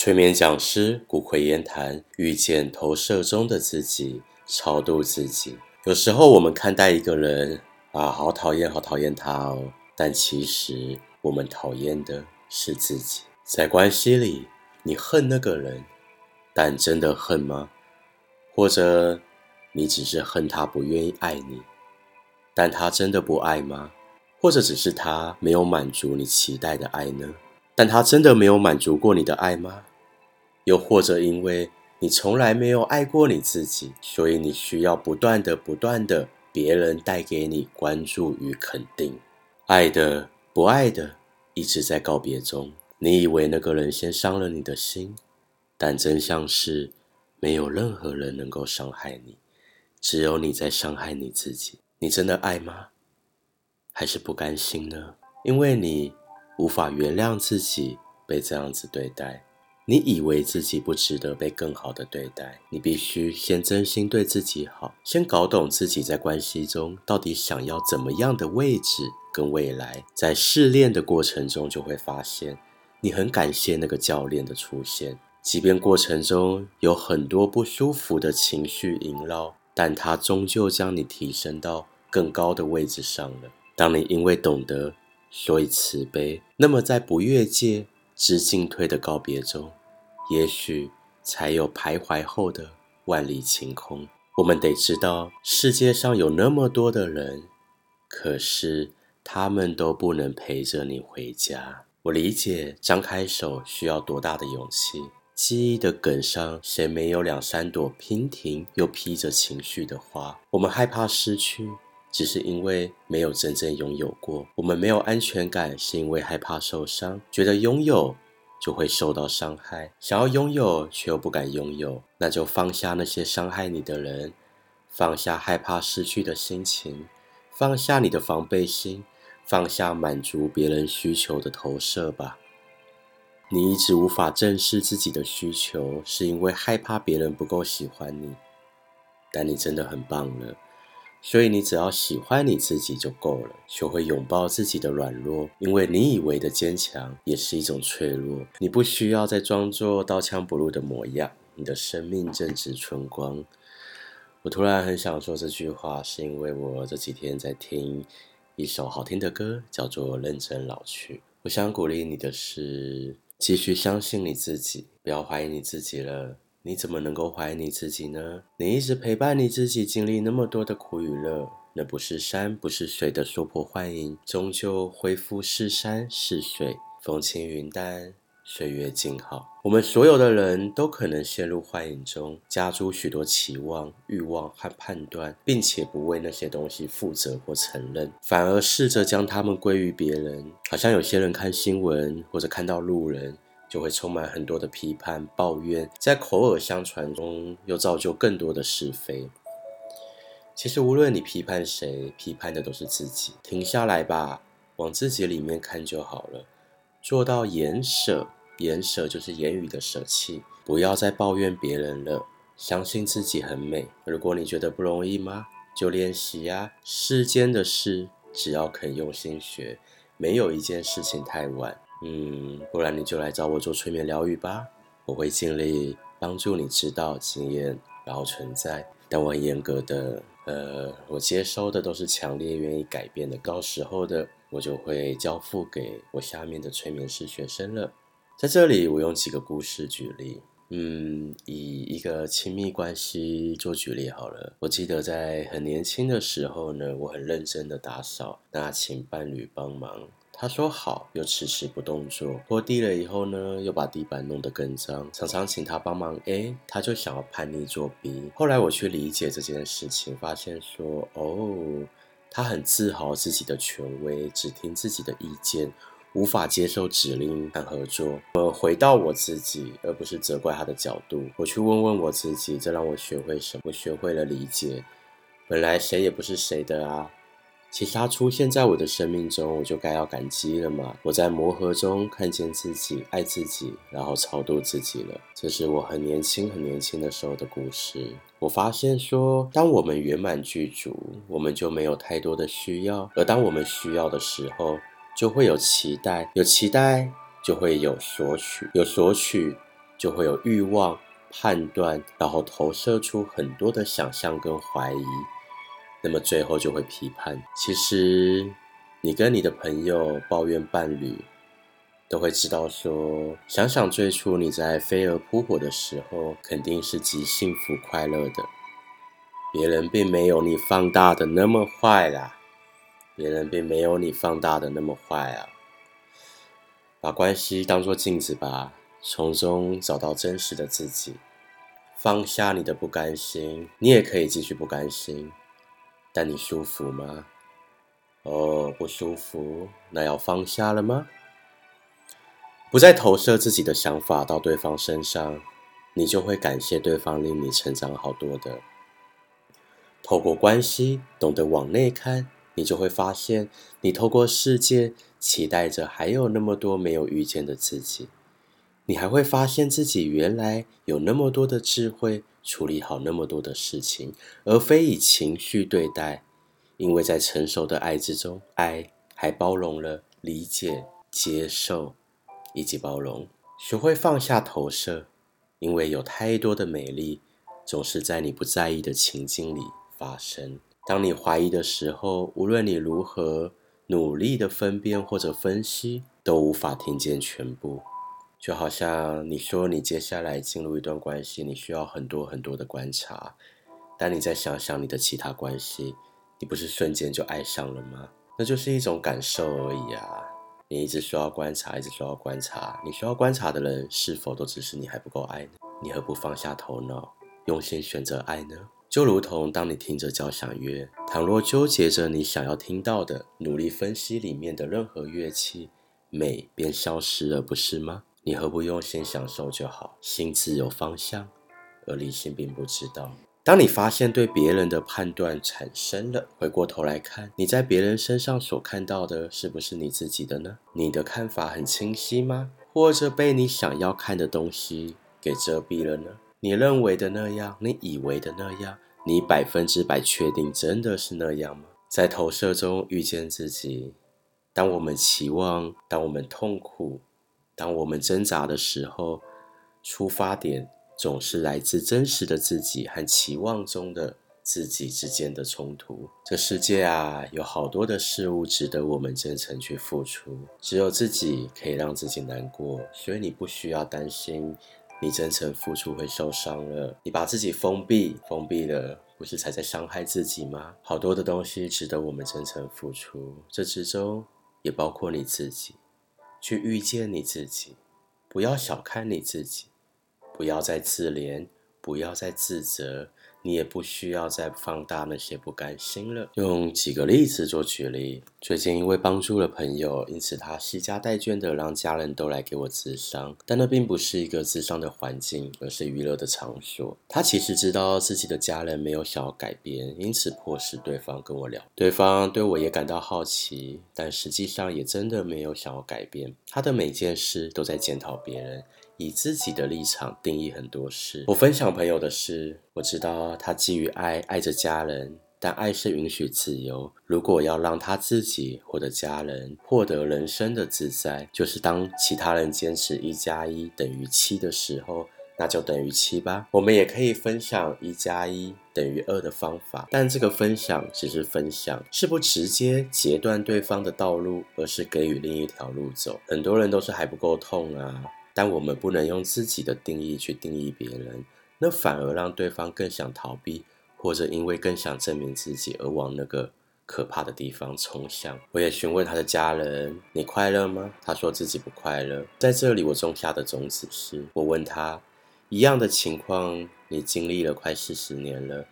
催眠講師古馗言談，遇見投射中的自己，超渡自己。有時候我們看待一個人啊，好討厭，好討厭他哦。但其實我們討厭的是自己。在關係裡，你恨那個人，但真的恨嗎？或者，你只是恨他不願意愛你？但他真的不愛嗎？或者只是他沒有滿足你期待的愛呢？但他真的沒有滿足過你的愛嗎？又或者，因為你從來沒有愛過你自己，所以你需要不斷的、不斷的，別人帶給你關注與肯定。愛的、不愛的，一直在告別中。你以為那個人先傷了你的心，但真相是，沒有任何人能夠傷害你，只有你在傷害你自己。你真的愛嗎？還是不甘心呢？因為你無法原諒自己被這樣子對待。你以為自己不值得被更好的對待，你必須先真心對自己好，先搞懂自己在關係中到底想要怎麼樣的位置跟未來。在試煉的過程中，就會發現你很感謝那個教練的出現，即便過程中有很多不舒服的情緒縈繞，但它終究將你提升到更高的位置上了。當你因為懂得，所以慈悲，那麼在不越界、知進退的告別中。也許才有徘徊後的萬里晴空。我們得知道世界上有那麼多的人，可是他們都不能陪着你回家。我理解張開手需要多大的勇氣。記憶的梗上，誰沒有兩三朵娉婷又披着情緒的花？我們害怕失去，只是因為沒有真正擁有過。我們沒有安全感，是因為害怕受傷，覺得擁有。就會受到傷害。想要擁有卻又不敢擁有，那就放下那些傷害你的人，放下害怕失去的心情，放下你的防備心，放下滿足別人需求的投射吧。你一直無法正視自己的需求，是因為害怕別人不夠喜歡你，但你真的很棒了。所以你只要喜歡你自己就夠了。學會擁抱自己的軟弱，因為你以為的堅強也是一種脆弱。你不需要再裝作刀槍不入的模樣。你的生命正值春光，我突然很想說這句話，是因為我這幾天在聽一首好聽的歌，叫做《認真老去》。我想鼓勵你的是，繼續相信你自己，不要懷疑你自己了。你怎麼能夠懷疑你自己呢？你一直陪伴你自己，經歷那麼多的苦與樂，那不是山，不是水的娑婆幻影，終究恢復是山是水，風輕雲淡，歲月靜好。我們所有的人都可能陷入幻影中，加諸許多期望、欲望和判斷，並且不為那些東西負責或承認，反而試着將他們歸於別人，好像有些人看新聞或者看到路人。就會充滿很多的批判、抱怨，在口耳相傳中又造就更多的是非。其實，無論你批判誰，批判的都是自己。停下來吧，往自己裡面看就好了。做到言捨，言捨就是言語的捨棄，不要再抱怨別人了。相信自己很美。如果你覺得不容易嗎？就練習啊！世間的事，只要肯用心學，沒有一件事情太晚。嗯，不然你就來找我做催眠療癒吧，我會盡力幫助你知道、經驗，然後存在。但我很嚴格的，呃，我接收的都是強烈願意改變的，到時候的我就會交付給我下面的催眠師學生了。在這裡，我用幾個故事舉例，嗯，以一個親密關係做舉例好了。我記得在很年輕的時候呢，我很認真的打掃，那請伴侶幫忙。他說好，又遲遲不動作。拖地了以後呢，又把地板弄得更髒。常常請他幫忙，哎，他就想要叛逆作弊。後來我去理解這件事情，發現說，哦，他很自豪自己的權威，只聽自己的意見，無法接受指令和合作。我回到我自己，而不是責怪他的角度，我去問問我自己，這讓我學會什麼？我學會了理解，本來誰也不是誰的啊。其實他出現在我的生命中，我就該要感激了嘛。我在磨合中看見自己，愛自己，然後超渡自己了。這是我很年輕、很年輕的時候的故事。我發現說，當我們圓滿具足，我們就沒有太多的需要；而當我們需要的時候，就會有期待，有期待就會有索取，有索取就會有欲望、判斷，然後投射出很多的想象跟懷疑。那麼最後就會批判。其實，你跟你的朋友抱怨伴侶，都會知道說：想想最初你在飛蛾撲火的時候，肯定是極幸福快樂的。別人並沒有你放大的那麼壞啦，別人並沒有你放大的那麼壞啊。把關係當作鏡子吧，從中找到真實的自己，放下你的不甘心，你也可以繼續不甘心。但你舒服嗎？哦，不舒服，那要放下了嗎？不再投射自己的想法到對方身上，你就會感謝對方令你成長好多的。透過關係，懂得往內看，你就會發現，你透過世界期待着還有那麼多沒有遇見的自己。你還會發現自己原來有那麼多的智慧。處理好那麼多的事情，而非以情緒對待，因為在成熟的愛之中，愛還包容了理解、接受以及包容。學會放下投射，因為有太多的美麗，總是在你不在意的情境裡發生。當你懷疑的時候，無論你如何努力地分辨或者分析，都無法聽見全部。就好像你說你接下來進入一段關係，你需要很多很多的觀察，但你再想想你的其他關係，你不是瞬間就愛上了嗎？那就是一種感受而已啊。你一直說要觀察，一直說要觀察，你需要觀察的人是否都只是你還不夠愛呢？你何不放下頭腦，用心選擇愛呢？就如同當你聽着交響樂，倘若糾結着你想要聽到的，努力分析裡面的任何樂器，美便消失了，不是嗎？你何不用心享受就好？心自有方向，而理性並不知道。當你發現對別人的判斷產生了，回過頭來看，你在別人身上所看到的是不是你自己的呢？你的看法很清晰嗎？或者被你想要看的東西給遮蔽了呢？你認為的那樣，你以為的那樣，你百分之百確定真的是那樣嗎？在投射中遇見自己。當我們期望，當我們痛苦。當我們掙扎的時候，出發點總是來自真實的自己和期望中的自己之間的衝突。這世界啊，有好多的事物值得我們真誠去付出。只有自己可以讓自己難過，所以你不需要擔心你真誠付出會受傷了。你把自己封閉，封閉了，不是才在傷害自己嗎？好多的東西值得我們真誠付出，這之中也包括你自己。去遇見你自己，不要小看你自己，不要再自憐，不要再自責。你也不需要再放大那些不甘心了。用幾個例子做舉例，最近因為幫助了朋友，因此他攜家帶眷的讓家人都來給我諮商。但那並不是一個諮商的環境，而是娛樂的場所。他其實知道自己的家人沒有想要改變，因此迫使對方跟我聊。對方對我也感到好奇，但實際上也真的沒有想要改變。他的每件事都在檢討別人。以自己的立場定義很多事。我分享朋友的事，我知道他基於愛，愛着家人，但愛是允許自由。如果要讓他自己或者家人獲得人生的自在，就是當其他人堅持一加一等於七的時候，那就等於七吧。我們也可以分享一加一等於二的方法，但這個分享只是分享，是不直接截斷對方的道路，而是給予另一條路走。很多人都是還不夠痛啊。但我們不能用自己的定義去定義別人，那反而讓對方更想逃避，或者因為更想證明自己而往那個可怕的地方衝向。我也詢問他的家人：“你快樂嗎？”他說自己不快樂。在這裡，我種下的種子是：我問他，一樣的情況，你經歷了快四十年了，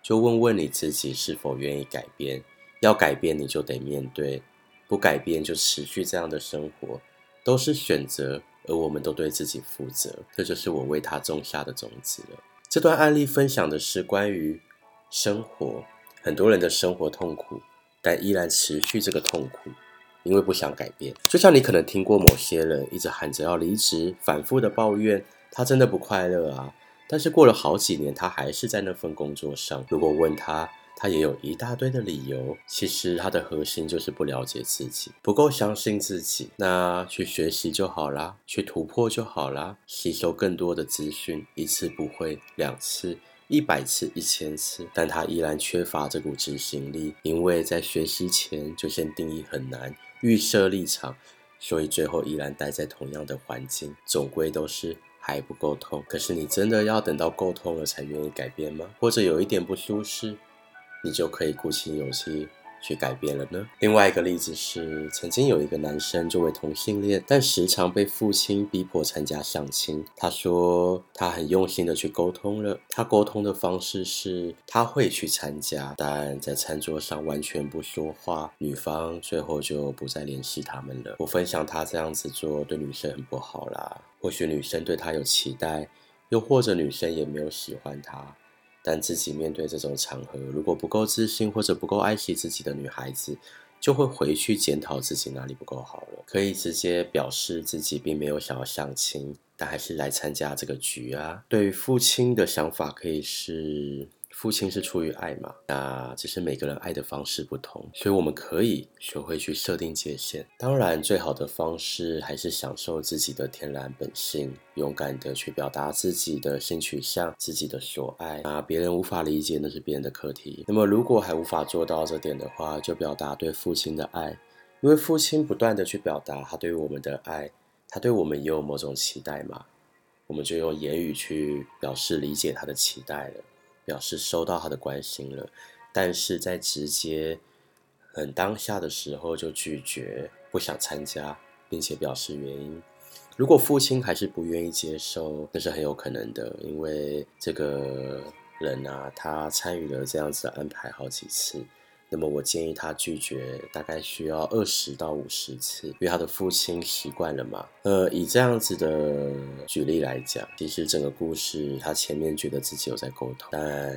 就問問你自己是否願意改變？要改變，你就得面對；不改變，就持續這樣的生活，都是選擇。而我們都對自己負責，這就是我為他種下的種子了。這段案例分享的是關於生活，很多人的生活痛苦，但依然持續這個痛苦，因為不想改變。就像你可能聽過某些人一直喊着要離職，反復的抱怨，他真的不快樂啊。但是過了好幾年，他還是在那份工作上。如果問他，他也有一大堆的理由，其實他的核心就是不了解自己，不夠相信自己。那去學習就好啦，去突破就好啦。吸收更多的資訊，一次不會，兩次，一百次，一千次，但他依然缺乏這股執行力，因為在學習前就先定義很難，預設立場，所以最後依然待在同樣的環境，總歸都是還不夠痛。可是你真的要等到夠痛了才願意改變嗎？或者有一點不舒適？你就可以鼓起勇氣去改變了呢。另外一個例子是，曾經有一個男生作為同性戀，但時常被父親逼迫參加相親。他說他很用心的去溝通了，他溝通的方式是他會去參加，但在餐桌上完全不說話。女方最後就不再聯繫他們了。我分享他這樣子做，對女生很不好啦。或許女生對他有期待，又或者女生也沒有喜歡他。但自己面對這種場合，如果不夠自信或者不夠愛惜自己的女孩子，就會回去檢討自己哪裡不夠好了。可以直接表示自己並沒有想要相親，但還是來參加這個局啊。對於父親的想法，可以是。父親是出於愛嘛，那只是每個人愛的方式不同，所以我們可以學會去設定界限。當然，最好的方式還是享受自己的天然本性，勇敢的去表達自己的性取向、自己的所愛。那別人無法理解，那是別人的課題。那麼，如果還無法做到這點的話，就表達對父親的愛，因為父親不斷的去表達他對我們的愛，他對我們也有某種期待嘛。我們就用言語去表示理解他的期待了，表示收到他的關心了，但是在直接很當下的時候就拒絕，不想參加，並且表示原因。如果父親還是不願意接受，那是很有可能的，因為這個人啊，他參與了這樣子的安排好幾次。那麼我建議他拒絕，大概需要二十到五十次，因為他的父親習慣了嘛。呃，以這樣子的舉例來講，其實整個故事他前面覺得自己有在溝通，但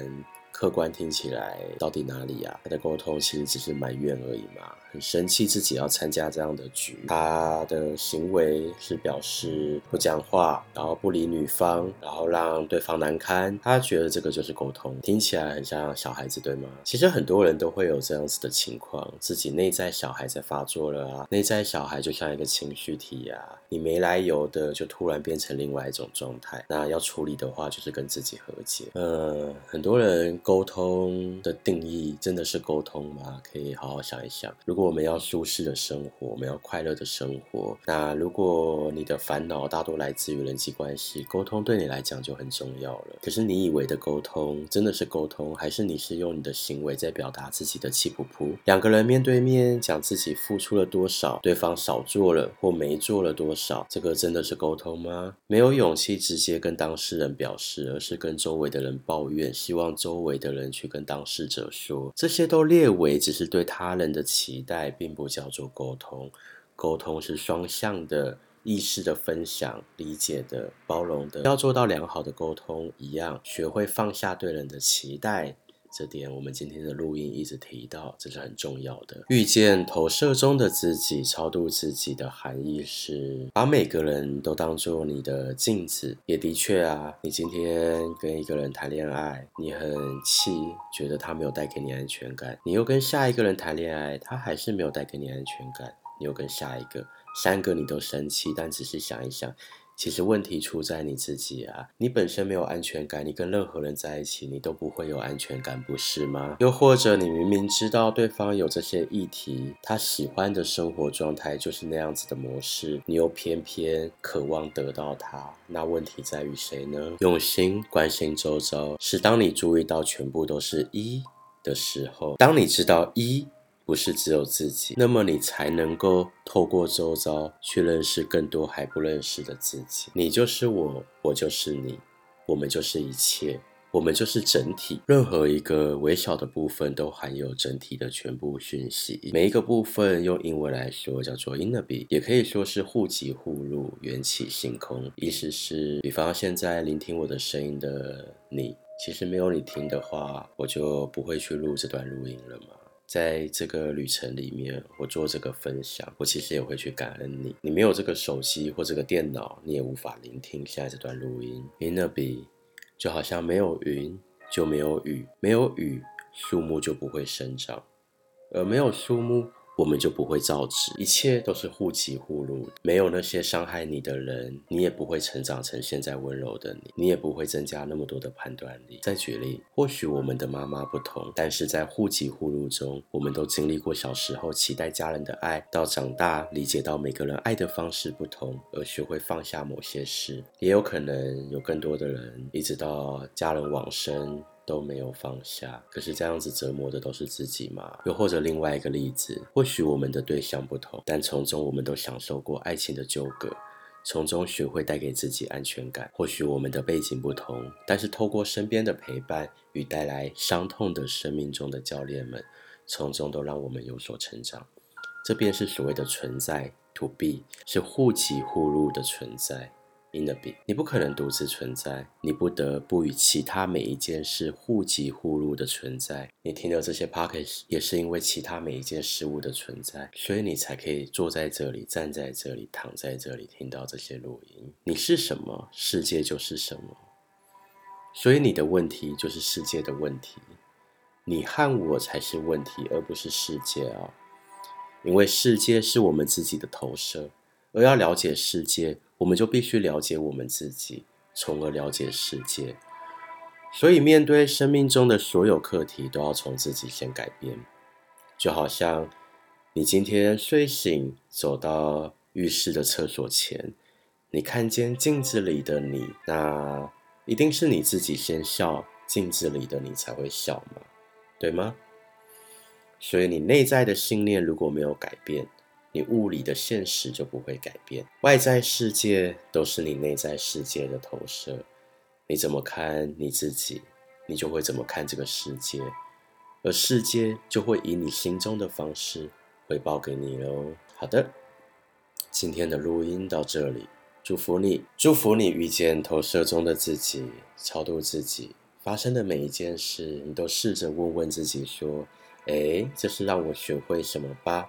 客觀聽起來到底哪裡啊？他的溝通其實只是埋怨而已嘛。很生氣，自己要參加這樣的局，他的行為是表示不講話，然後不理女方，然後讓對方難堪。他覺得這個就是溝通，聽起來很像小孩子，對嗎？其實很多人都會有這樣子的情況，自己內在小孩在發作了啊，內在小孩就像一個情緒體啊，你沒來由的就突然變成另外一種狀態。那要處理的話，就是跟自己和解。嗯，很多人溝通的定義真的是溝通嗎？可以好好想一想。如果如果我們要舒適的生活，我們要快樂的生活。那如果你的煩惱大多來自於人際關係，溝通對你來講就很重要了。可是你以為的溝通真的是溝通，還是你是用你的行為在表達自己的氣噗噗？兩個人面對面講自己付出了多少，對方少做了或沒做了多少，這個真的是溝通嗎？沒有勇氣直接跟當事人表示，而是跟周圍的人抱怨，希望周圍的人去跟當事者說，這些都列為只是對他人的期待。代並不叫做溝通，溝通是雙向的、意識的分享、理解的、包容的。要做到良好的溝通，一樣學會放下對人的期待。這點我們今天的錄音一直提到，這是很重要的。遇見投射中的自己，超渡自己的含義是，把每個人都當作你的鏡子。也的確啊，你今天跟一個人談戀愛，你很氣，覺得他沒有帶給你安全感；你又跟下一個人談戀愛，他還是沒有帶給你安全感；你又跟下一個、三個，你都生氣。但仔細想一想。其實問題出在你自己啊！你本身沒有安全感，你跟任何人在一起，你都不會有安全感，不是嗎？又或者你明明知道對方有這些議題，他喜歡的生活狀態就是那樣子的模式，你又偏偏渴望得到他，那問題在於誰呢？用心關心周遭，是當你注意到全部都是一的時候，當你知道一。不是只有自己，那麼你才能夠透過周遭去認識更多還不認識的自己。你就是我，我就是你，我們就是一切，我們就是整體。任何一個微小的部分都含有整體的全部訊息。每一個部分用英文來說叫做 inner being，也可以說是互即互入，緣起性空。意思是，比方現在聆聽我的聲音的你，其實沒有你聽的話，我就不會去錄這段錄音了嘛。在這個旅程裡面，我做這個分享，我其實也會去感恩你。你沒有這個手機或這個電腦，你也無法聆聽現在這段錄音。因的筆就好像沒有雲就沒有雨，沒有雨樹木就不會生長，而、呃、沒有樹木。我們就不會造詣，一切都是互即互入，沒有那些傷害你的人，你也不會成長成現在溫柔的你，你也不會增加那麼多的判斷力。再舉例，或許我們的媽媽不同，但是在互即互入中，我們都經歷過小時候期待家人的愛，到長大理解到每個人愛的方式不同，而學會放下某些事，也有可能有更多的人一直到家人往生。都沒有放下，可是這樣子折磨的都是自己嗎？又或者另外一個例子，或許我們的對象不同，但從中我們都享受過愛情的糾葛，從中學會帶給自己安全感。或許我們的背景不同，但是透過身邊的陪伴與帶來傷痛的生命中的教練們，從中都讓我們有所成長。這便是所謂的存在 to be，是互即互入的存在。in e 你不可能獨自存在，你不得不與其他每一件事互即互入的存在。你聽到這些 podcast 也是因為其他每一件事物的存在，所以你才可以坐在這裡、站在這裡、躺在這裡，聽到這些錄音。你是什麼，世界就是什麼。所以你的問題就是世界的問題。你和我才是問題，而不是世界啊！因為世界是我們自己的投射，而要了解世界。我們就必須了解我們自己，從而了解世界。所以，面對生命中的所有課題，都要從自己先改變。就好像你今天睡醒，走到浴室的廁所前，你看見鏡子裡的你，那一定是你自己先笑，鏡子裡的你才會笑嘛，對嗎？所以，你內在的信念如果沒有改變，你物理的現實就不會改變，外在世界都是你內在世界的投射。你怎麼看你自己，你就會怎麼看這個世界，而世界就會以你心中的方式回報給你哦。好的，今天的錄音到這裡，祝福你，祝福你遇見投射中的自己，超渡自己。發生的每一件事，你都試着問問自己說：“哎、欸，這是讓我學會什麼吧？”